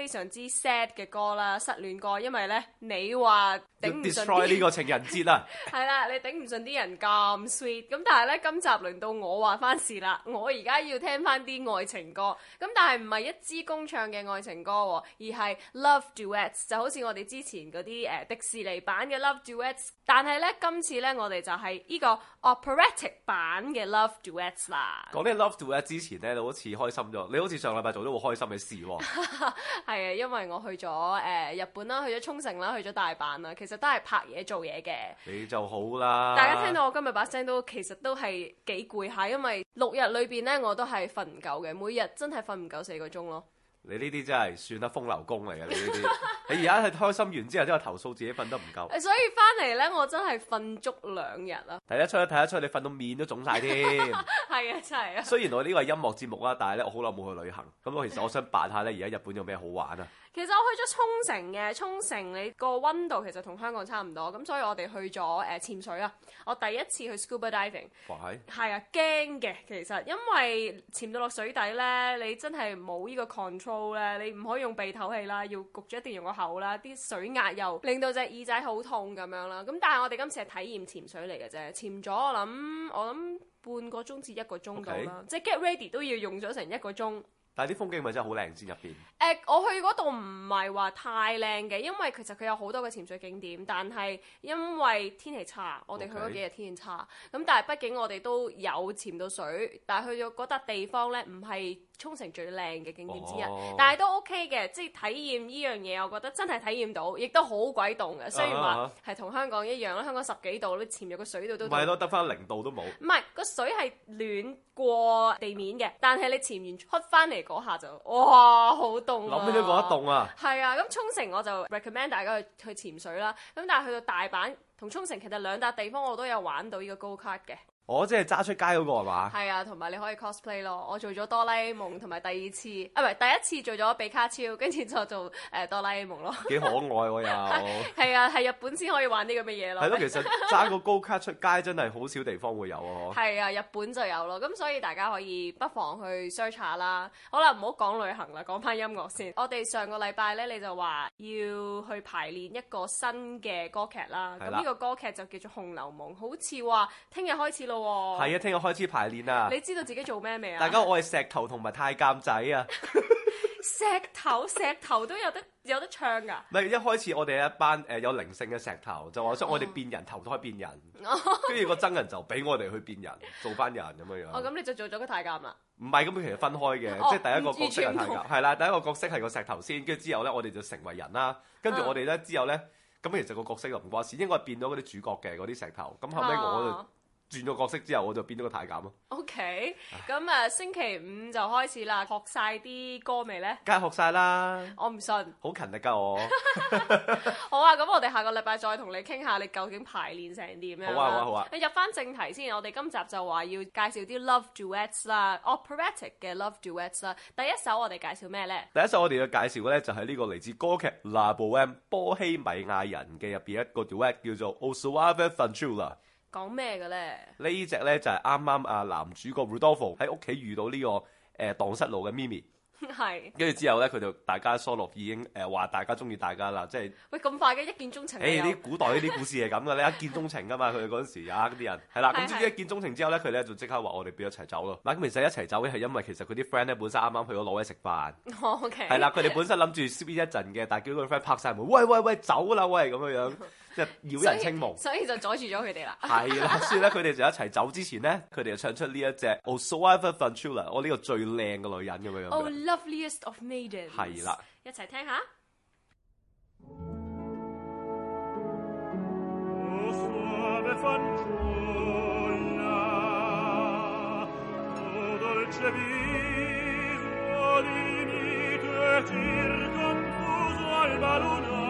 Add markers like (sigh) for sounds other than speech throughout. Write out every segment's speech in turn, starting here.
非常之 sad 嘅歌啦，失戀歌，因為呢，你話頂唔順呢個情人節啦，係啦，你頂唔順啲人咁 sweet，咁 (laughs) 但係呢，今集輪到我話翻事啦，我而家要聽翻啲愛情歌，咁但係唔係一支公唱嘅愛情歌喎，而係 love duets，就好似我哋之前嗰啲誒迪士尼版嘅 love duets。但係咧，今次咧，我哋就係呢個 operatic 版嘅 Love Duets 啦。講起 Love Duets 之前咧，你好似開心咗。你好似上禮拜做咗好開心嘅事喎，哦。係啊， (laughs) 因為我去咗、呃、日本啦，去咗沖繩啦，去咗大阪啦，其實都係拍嘢做嘢嘅。你就好啦。大家聽到我今日把聲都其實都係幾攰下，因為六日裏面咧我都係瞓唔夠嘅，每日真係瞓唔夠四個鐘咯。你呢啲真係算得風流功嚟嘅，你呢啲。你而家係開心完之後，之後投訴自己瞓得唔夠。所以翻嚟咧，我真係瞓足兩日啦。睇得出，睇得出，你瞓到面都腫晒添。係 (laughs) 啊，真係啊。雖然我呢個係音樂節目啦，但係咧，我好耐冇去旅行。咁我其實我想扮下咧，而家日本有咩好玩啊？其實我去咗沖繩嘅，沖繩你個溫度其實同香港差唔多，咁所以我哋去咗誒潛水啊！我第一次去 scuba diving，係啊哇，驚嘅其實，因為潛到落水底呢，你真係冇呢個 control 呢，你唔可以用鼻唞氣啦，要焗住一定用個口啦，啲水壓又令到隻耳仔好痛咁樣啦。咁但係我哋今次係體驗潛水嚟嘅啫，潛咗我諗我諗半個鐘至一個鐘度啦，Okay. 即係 get ready 都要用咗成一個鐘。但係啲風景咪真係好靚先入邊？誒，uh, 我去嗰度唔係話太靚嘅，因為其實佢有好多嘅潛水景點，但係因為天氣差，我哋去嗰幾日天，天氣差，咁 Okay. 但係畢竟我哋都有潛到水，但係去到嗰笪地方咧唔係。沖繩最靚嘅景點之一，哦、但係都 OK 嘅，即係體驗呢樣嘢，我覺得真係體驗到，亦都好鬼凍嘅。雖然話係同香港一樣啦，香港十幾度，你潛入個水度都唔係咯，得翻零度都冇。唔係個水係暖過地面嘅，但係你潛完出翻嚟嗰下就哇好凍啊！諗咩都覺得凍啊！係啊，咁沖繩我就 recommend 大家去去潛水啦。咁但係去到大阪同沖繩，其實兩笪地方我都有玩到呢個高卡嘅。我、哦、即係揸出街嗰個係嘛？係啊，同埋你可以 cosplay 咯。我做咗哆啦 A 夢同埋第二次啊，唔係第一次做咗比卡超，跟住就做誒哆啦 A 夢咯。幾可愛喎又？係啊， (laughs) 係日本先可以玩啲咁嘅嘢咯。係咯，其實揸個高卡出街 (laughs) 真係好少地方會有啊！係啊，日本就有咯。咁所以大家可以不妨去 search 下啦。好啦，唔好講旅行啦，講翻音樂先。我哋上個禮拜咧，你就話要去排練一個新嘅歌劇啦。係啦的。咁呢個歌劇就叫做《紅樓夢》，好似話聽日開始錄。係啊，聽日開始排練啦！你知道自己做咩未啊？大家我係石頭同埋太監仔啊！石頭石頭都有得有得唱噶？唔係，一開始我哋一班誒有靈性嘅石頭，就話想我哋變人投胎變人，跟住個僧人就俾我哋去變人做翻人咁樣樣。哦，咁你就做咗個太監啦？唔係，咁其實分開嘅，即係第一個角色係太監，係啦，第一個角色係個石頭先，跟住之後咧，我哋就成為人啦。跟住我哋咧之後咧，咁其實個角色又唔關事，應該係變咗嗰啲主角嘅嗰啲石頭。咁後尾我。轉咗角色之後，我就變咗個太監咯。OK，咁啊，星期五就開始啦。學晒啲歌未咧？梗係學晒啦。我唔信。好勤力噶我。好啊，咁我哋下個禮拜再同你傾下，你究竟排練成點樣啊？好啊，好啊，好啊。你入翻正題先，我哋今集就話要介紹啲 love duets 啦，operatic 嘅 love duets 啦。第一首我哋介紹咩咧？第一首我哋要介紹嘅咧，就係呢個嚟自歌劇《La Boheme》波希米亞人嘅入邊一個 duet，叫做《O soave fanciulla》講咩嘅咧？呢隻咧就係啱啱啊男主角 Rudolph 喺屋企遇到呢、這個誒蕩失路嘅 Mimi，係。跟住是之後咧，佢就大家疏落已經誒話、呃、大家中意大家啦，即係喂咁快嘅一見鍾情。誒，啲古代呢啲故事係咁嘅咧，一見鍾情噶、欸、 (laughs) 嘛，佢哋嗰陣時啊啲人係啦。咁所以一見鍾情之後咧，佢咧就即刻話我哋要一齊走咯。嗱，咁其實一齊走咧係因為其實佢啲 friend 咧本身啱啱去咗攞位食飯，係啦、哦，佢、okay、哋本身諗住 sleep 一陣嘅，但係叫佢 friend 拍晒門， (laughs) 喂喂喂，走啦喂，咁樣樣。即係擾人清夢，所以就阻住咗佢哋啦。係啦，所以咧，佢哋就一齊走之前呢，佢哋就唱出呢一隻《O soave fanciulla》，我呢個最靚嘅女人咁、oh, 樣樣。Oh loveliest of maidens，係啦，了一齊聽一下。 (music)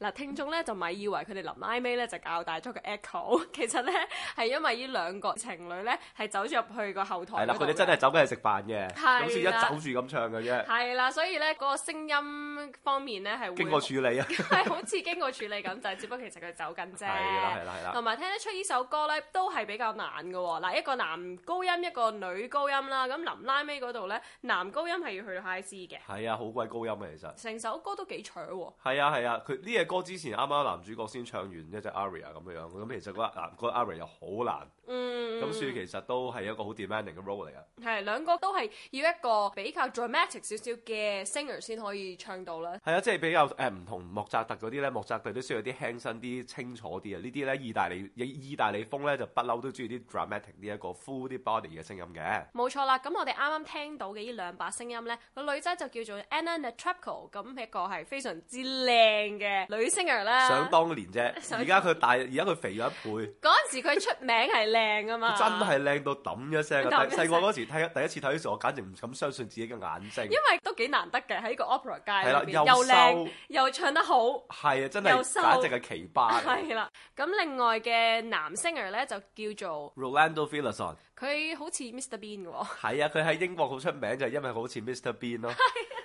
嗱，聽眾咧就咪以為佢哋臨拉尾咧就教大咗個 echo，其實咧係因為呢兩個情侶咧係走咗入去個後台對。係啦，佢哋真係走緊嚟食飯嘅，咁先一走住咁唱嘅啫。係啦，所以咧嗰個聲音。方面咧係會經過處理啊，係好似經過處理咁就， (laughs) 只不過其實佢走緊啫。係啦係啦係啦。同埋聽得出呢首歌咧都係比較難㗎喎。嗱，一個男高音一個女高音啦，咁臨拉尾嗰度咧，男高音係要去到 high C 嘅。係啊，好鬼高音啊，其實。成首歌都幾長喎。係啊係啊，佢呢隻歌之前啱啱男主角先唱完一隻 aria 咁樣樣，咁其實嗰個男嗰個 aria 又好難。嗯，咁所以其實都係一個好 demanding 嘅 role 嚟噶。係，兩個都係要一個比較 dramatic 少少嘅 singer 先可以唱到啦。係啊，即係比較誒唔、呃、同莫扎特嗰啲咧，莫扎特都需要啲輕身啲、清楚啲啊。這些呢啲咧意大利、意大利風咧就不嬲都中意啲 dramatic 呢一個 full body 嘅聲音嘅。冇錯啦，咁我哋啱啱聽到嘅呢兩把聲音咧，那個女仔就叫做 Anna Netrebko，咁一個係非常之靚嘅女 singer 啦。想當年啫，而家佢大，而家佢肥咗一倍。嗰陣 (laughs) 時佢出名係靚。靚啊嘛！真係靚到揼一聲啊！細個嗰時睇白第一次睇嗰時候，我簡直唔敢相信自己嘅眼睛。因為都幾難得嘅，喺呢個 Opera 界，係啦，又靚又，又唱得好。係啊，真係簡直係奇葩嚟啦！咁修另外嘅男星人咧就叫做 Rolando Villazón 佢好似 Mr. Bean 喎，哦。係啊，佢喺英國好出名就係、是、因為好似 Mr. Bean 咯，哦，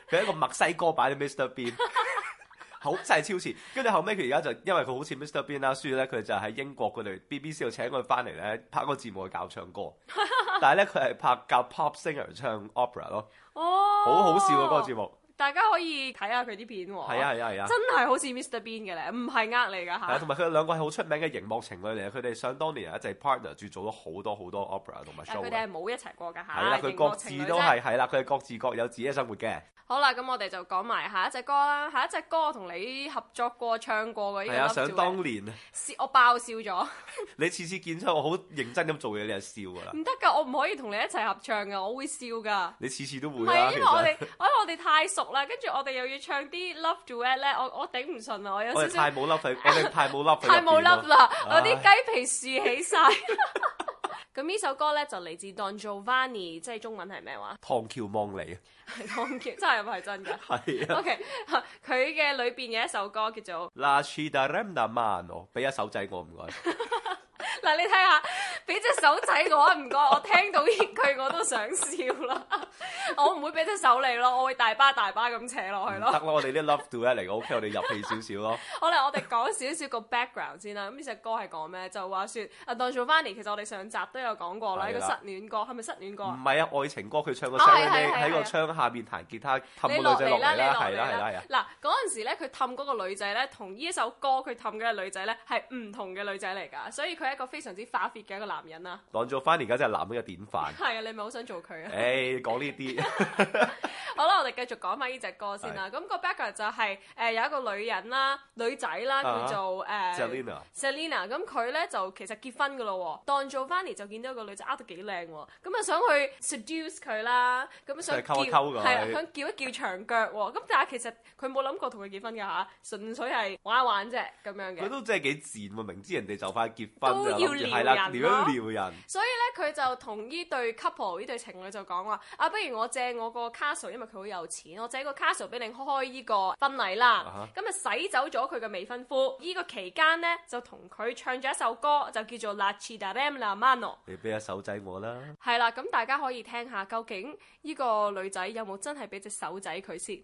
佢係的一個墨西哥版嘅 Mr. Bean。 (laughs) 好真係超前，跟住後尾佢而家就因為佢好似 Mr Bean 啦，輸咧佢就喺英國嗰度 BBC 度請佢翻嚟咧拍個節目去教唱歌， (laughs) 但係咧佢係拍教 pop singer 唱 opera 咯，哦，好好笑啊個節目。大家可以睇下佢啲片喎，係啊係啊係啊，啊啊真係好似 Mr Bean 嘅咧，唔係呃你噶嚇。同埋佢哋兩個係好出名嘅熒幕情侶嚟嘅，佢哋想當年一齊 partner，住做咗好多好多 opera 同埋 show。但係佢哋係冇一齊過噶嚇。係啦、啊，佢各自都係，係啦，佢哋、啊、各自各有自己嘅生活嘅。好啦，咁我哋就講埋下一隻歌啦，下一隻歌同你合作過唱過嘅。係啊，想當年啊我爆笑咗。你次次見出我好認真咁做嘢，你係笑噶啦。唔得噶，我唔可以同你一齊合唱噶，我會笑噶。你次次都會啦、啊，因為我哋實，因為我哋太熟。啦，跟住我哋又要唱啲 love duet 咧，我我頂唔順啊！我有少少我哋太冇粒肺，我哋太冇粒，太冇粒啦！我啲雞皮豎起晒，咁呢首歌咧就嚟自 Don Giovanni 即係中文係咩話？唐喬望尼啊，唐喬，真係唔係真㗎？係 OK，佢嘅裏邊有一首歌叫做 Là ci darem la mano，俾一手仔我唔該。嗱， (laughs) 你睇下。俾隻手仔我啊唔該，我聽到呢句我都想笑啦！ (laughs) 我唔會俾隻手嚟咯，我會大巴大巴咁扯落去咯。得啦，我哋啲 love do 嚟嘅，OK，我哋入戲少少咯。 (laughs) 好啦，我哋講少少個 background 先啦。咁呢隻歌係講咩？就話説啊，Don Giovanni 其實我哋上集都有講過啦，係的個失戀歌，係咪失戀歌？唔係啊，愛情歌。佢唱個唱咧喺個窗下面彈吉他，氹個女仔落嚟啦，係啦係啦係啊。嗱嗰陣時咧，佢氹嗰個女仔咧，同呢一首歌佢氹嘅女仔咧係唔同嘅女仔嚟㗎，所以佢係一個非常之花癲嘅一個男。男人啊，Don，Giovanni 而家真係男人嘅典範。係啊，你咪好想做佢啊？誒、欸，講呢啲 (laughs) (laughs) 好啦，我哋繼續講翻呢隻歌先啦。咁是個 background 就係、是呃、有一個女人啦，女仔啦，叫做 Selena，Selena。咁佢咧就其實結婚㗎咯。Don Giovanni a 就見到一個女仔得幾靚喎，咁啊想去 seduce 佢啦，咁想追追想叫一叫長腳喎。咁 (laughs) 但係其實佢冇諗過同佢結婚㗎吓，純粹係玩一玩啫咁樣嘅。佢都真係幾賤喎！明知人哋就快結婚啦，係人，所以咧佢就同呢對 couple 呢對情侶就講話，啊，不如我借我個 castle，因為佢好有錢，我借個 castle 俾你開呢個婚禮啦。咁啊哈就洗走咗佢嘅未婚夫，呢個期間呢，就同佢唱咗一首歌，就叫做《Là ci darem la mano》。你俾下手仔我啦。係啦，咁大家可以聽下，究竟呢個女仔有冇真係俾隻手仔佢先？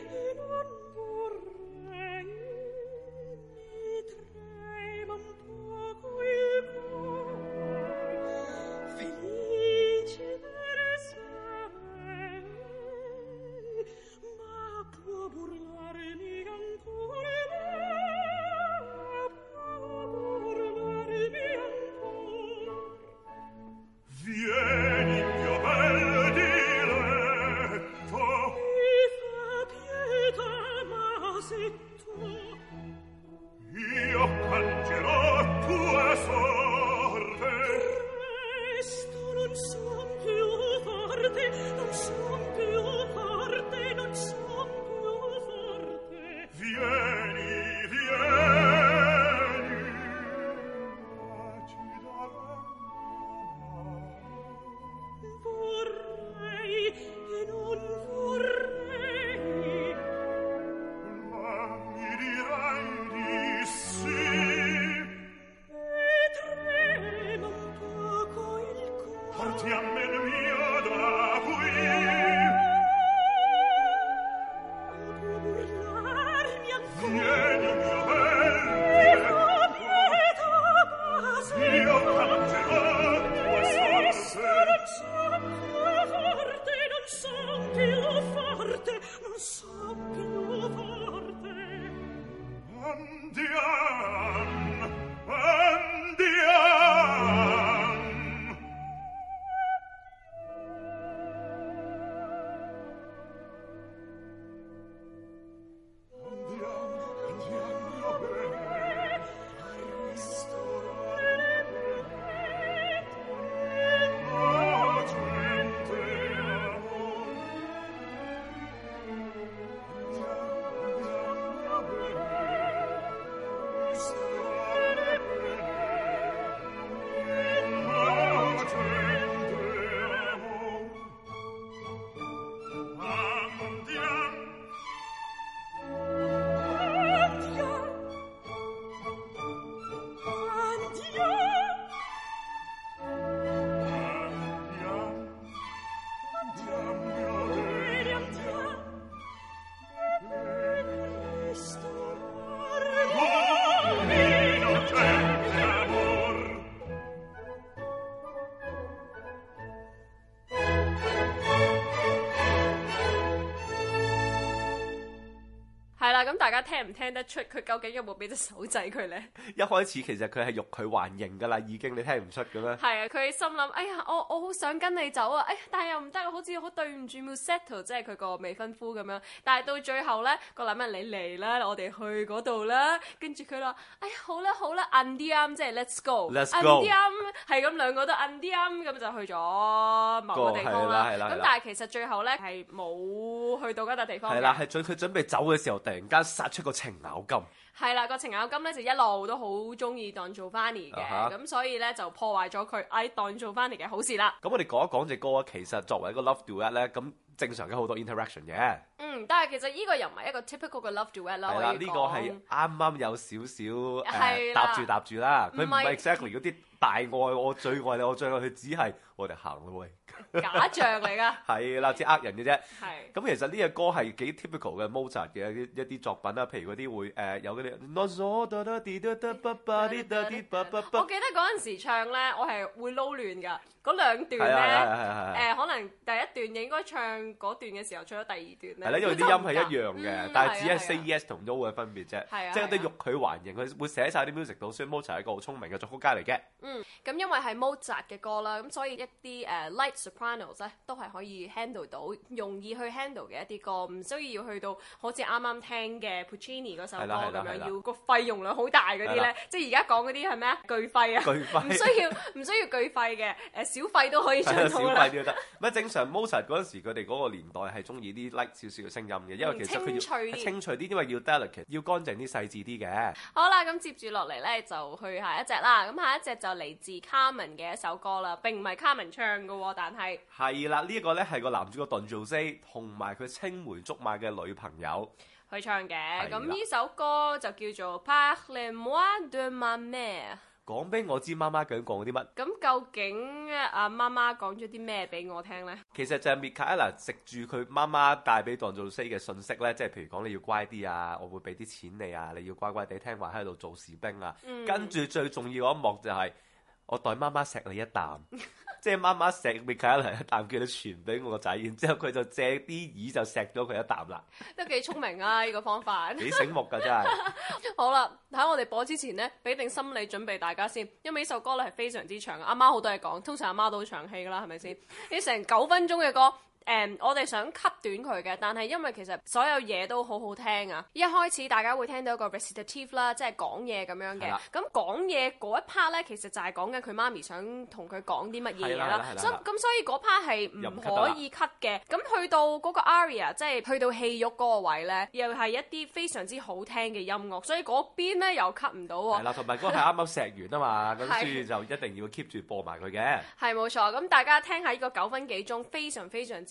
聽唔聽得出佢究竟有冇俾隻手仔佢咧？ (laughs) 一開始其實佢係欲拒還迎噶啦，已經你聽唔出嘅咩？係啊 ateur，佢心諗，哎呀，我我好想跟你走啊，哎，但係又唔得，好似好對唔住 Musetta，即係佢個未婚夫咁樣。但係到最後咧，個男人你嚟啦，我哋去嗰度啦，跟住佢話，哎呀，好啦好啦，Andiam，即係 Let's go，Andiam，係咁兩個都 Andiam，咁就去咗某個地方啦。咁、嗯、但係其實最後咧係冇去到嗰笪地方嘅。係啦，係、嗯、佢準備走嘅時候，突然間出個情咬金，係啦個情咬金咧就一路都好中意當做翻嚟 n n 嘅，咁、uh huh. 所以咧就破壞咗佢唉當做 f 嚟 n n 嘅好事啦。咁我哋講一講隻歌啊，其實作為一個 love duet 咧，咁正常嘅好多 interaction 嘅。嗯，但係其實呢個又唔係一個 typical 嘅 love duet 啦。係呢了個係啱啱有少少、呃、了搭住搭住啦，佢唔係 exactly 嗰啲大愛我最愛你我最愛佢，只係我哋行咯。喂假象嚟噶，係啦，即呃人嘅啫。係 (laughs) 的，咁其實呢隻歌係幾 typical 嘅 Mozart 嘅一啲作品啦，譬如嗰啲會誒、呃、有嗰啲。我記得嗰陣時唱咧，我係會撈亂噶。嗰兩段咧，誒可能第一段應該唱嗰段嘅時候，唱咗第二段咧。係咧，因為啲音係一樣嘅，但係只係 C E S 同 O 嘅分別啫。係啊，即係啲肉體環型，佢會寫晒啲 music 到。所以 Mozart 係一個好聰明嘅作曲家嚟嘅。嗯，咁因為係 Mozart 嘅歌啦，咁所以一啲誒 light sopranos 咧都係可以 handle 到，容易去 handle 嘅一啲歌，唔需要要去到好似啱啱聽嘅 Puccini 嗰首歌咁樣，要個肺活量好大嗰啲咧，即係而家講嗰啲係咩啊？巨肺啊！巨肺！唔需要，唔需要巨肺嘅誒。小費都可以唱 (laughs) 小費都得啦，咩 (laughs) 正常？Moser 嗰陣時佢哋嗰個年代係中意啲 like 少少嘅聲音嘅，因為其實佢要清脆啲，因為要 delicate，要乾淨啲、細緻啲嘅。好啦，咁接住落嚟咧就去下一隻啦。咁下一隻就嚟自 Carmen 嘅一首歌啦，並唔係 Carmen 唱嘅，但係係啦，是這個、呢一個咧係個男主角 Don José 同埋佢青梅竹馬嘅女朋友去唱嘅。咁呢的首歌就叫做 Parle-moi de ma mère。講俾我知媽媽想講啲乜？咁究竟阿媽媽講咗啲咩俾我聽咧？其實就係米卡伊拉食住佢媽媽帶俾當造師嘅信息咧，即係譬如講你要乖啲啊，我會俾啲錢你啊，你要乖乖地聽話喺度做士兵啊。跟住、嗯、最重要嗰一幕就係、是、我代媽媽錫你一啖。 (laughs) 即係媽媽錫咪隔一嚟一啖，叫你傳俾我個仔，然之後佢就借啲耳，就錫咗佢一啖啦。都幾聰明啊！呢、呢個方法幾醒目㗎真係。 (laughs) 好啦，喺我哋播之前咧，俾定心理準備大家先，因為呢首歌咧係非常之長，阿媽好多嘢講，通常阿媽都好長氣㗎啦，係咪先？啲成九分鐘嘅歌。誒，um, 我哋想 cut 短佢嘅，但係因為其實所有嘢都好好聽啊！一開始大家會聽到一個 recitative 啦，即係的講嘢咁樣嘅，咁講嘢嗰一 part 咧，其實就係講緊佢媽咪想同佢講啲乜嘢嘢啦。咁所以嗰 part 係唔可以 cut 嘅。咁去到嗰個 aria，即係去到戲肉嗰個位咧，又係一啲非常之好聽嘅音樂，所以嗰邊咧又 cut 唔到喎。係啦，同埋嗰個係啱啱錫完啊嘛，跟住的就一定要 keep 住播埋佢嘅。係冇錯，咁大家聽下呢個九分幾鐘非常非常之。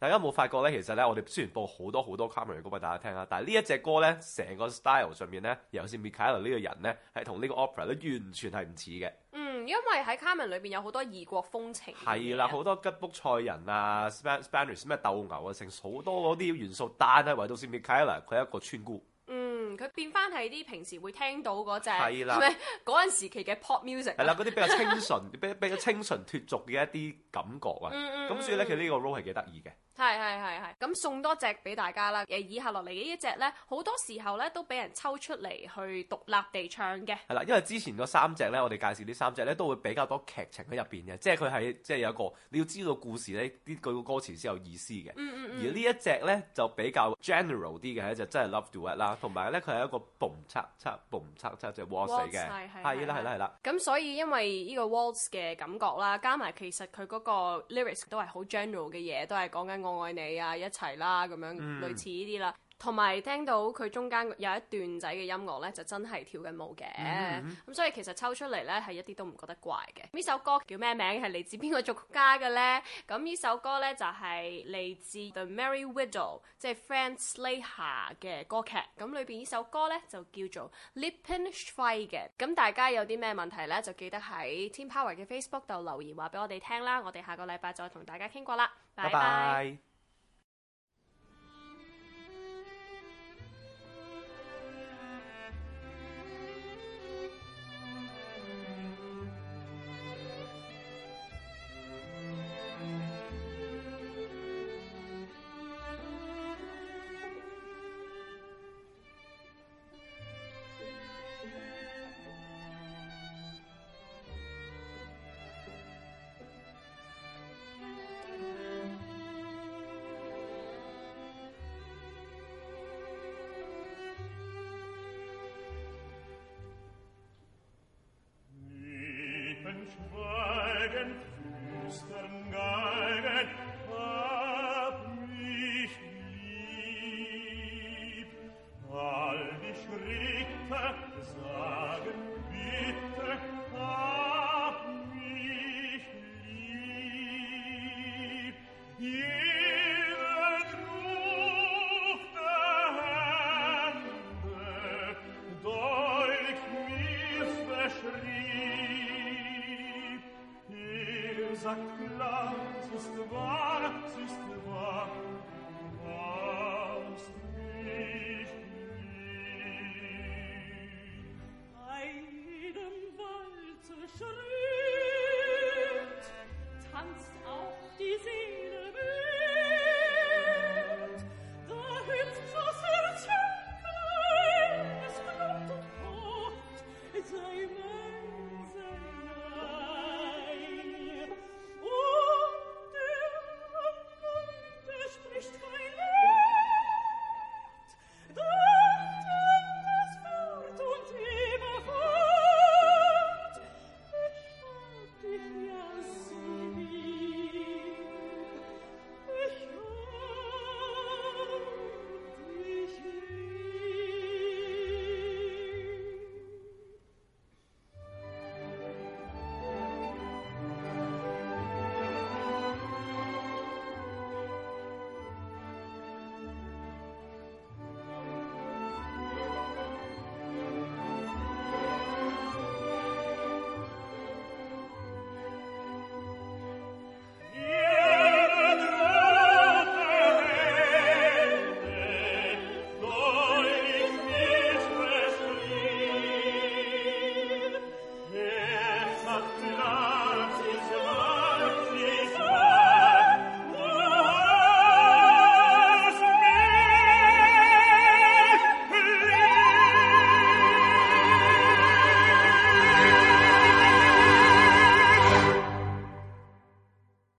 大家有冇發覺咧？其實咧，我哋雖然播好多好多卡門嘅歌俾大家聽啊，但係呢一隻歌咧，成個 style 上面咧，尤其是米卡爾呢個人咧，係同呢個 opera 都完全係唔似嘅。嗯，因為喺卡門裏邊有好多異國風情。係啦，好多吉卜賽人啊，Spanish 咩鬥牛啊，成好多嗰啲元素。但係唯到先米卡爾，佢係一個村姑。嗯，佢變翻係啲平時會聽到嗰隻，係啦了，嗰陣時期嘅 pop music、啊。係啦，嗰啲比較清純，比 (laughs) 比較清純脱俗嘅一啲感覺啊。咁、mm hmm. 所以咧，其實呢個 role 係幾得意嘅。係係係係，咁送多隻俾大家啦。誒，以下落嚟呢一隻咧，好多時候咧都俾人抽出嚟去獨立地唱嘅。係啦，因為之前嗰三隻咧，我哋介紹呢三隻咧，都會比較多劇情喺入邊嘅，即係佢係即係有一個你要知道故事咧呢句歌詞先有意思嘅。嗯嗯嗯。而呢一隻咧就比較 general 啲嘅，就真係 love duet 啦，同埋咧佢係一個 boom cha cha boom cha cha 即係 waltz 嘅。係啦係啦係啦。咁所以因為呢個 waltz 嘅感覺啦，加埋其實佢嗰個 lyrics 都係好 general 嘅嘢，都係講緊我。我愛你啊！一齊啦，咁樣類似呢啲啦。嗯同埋聽到佢中間有一段仔嘅音樂呢，就真係跳緊舞嘅，咁、嗯嗯嗯、所以其實抽出嚟呢，係一啲都唔覺得怪嘅。呢首歌叫咩名？係嚟自邊個作曲家嘅呢？咁呢首歌呢，就係、是、嚟自 The Merry Widow，即係 Franz Lehár 嘅歌劇。咁裏邊呢首歌呢，就叫做 Lippen schweigen。咁大家有啲咩問題呢？就記得喺 Team Power 嘅 Facebook 度留言話俾我哋聽啦。我哋下個禮拜再同大家傾過啦。拜拜。拜拜。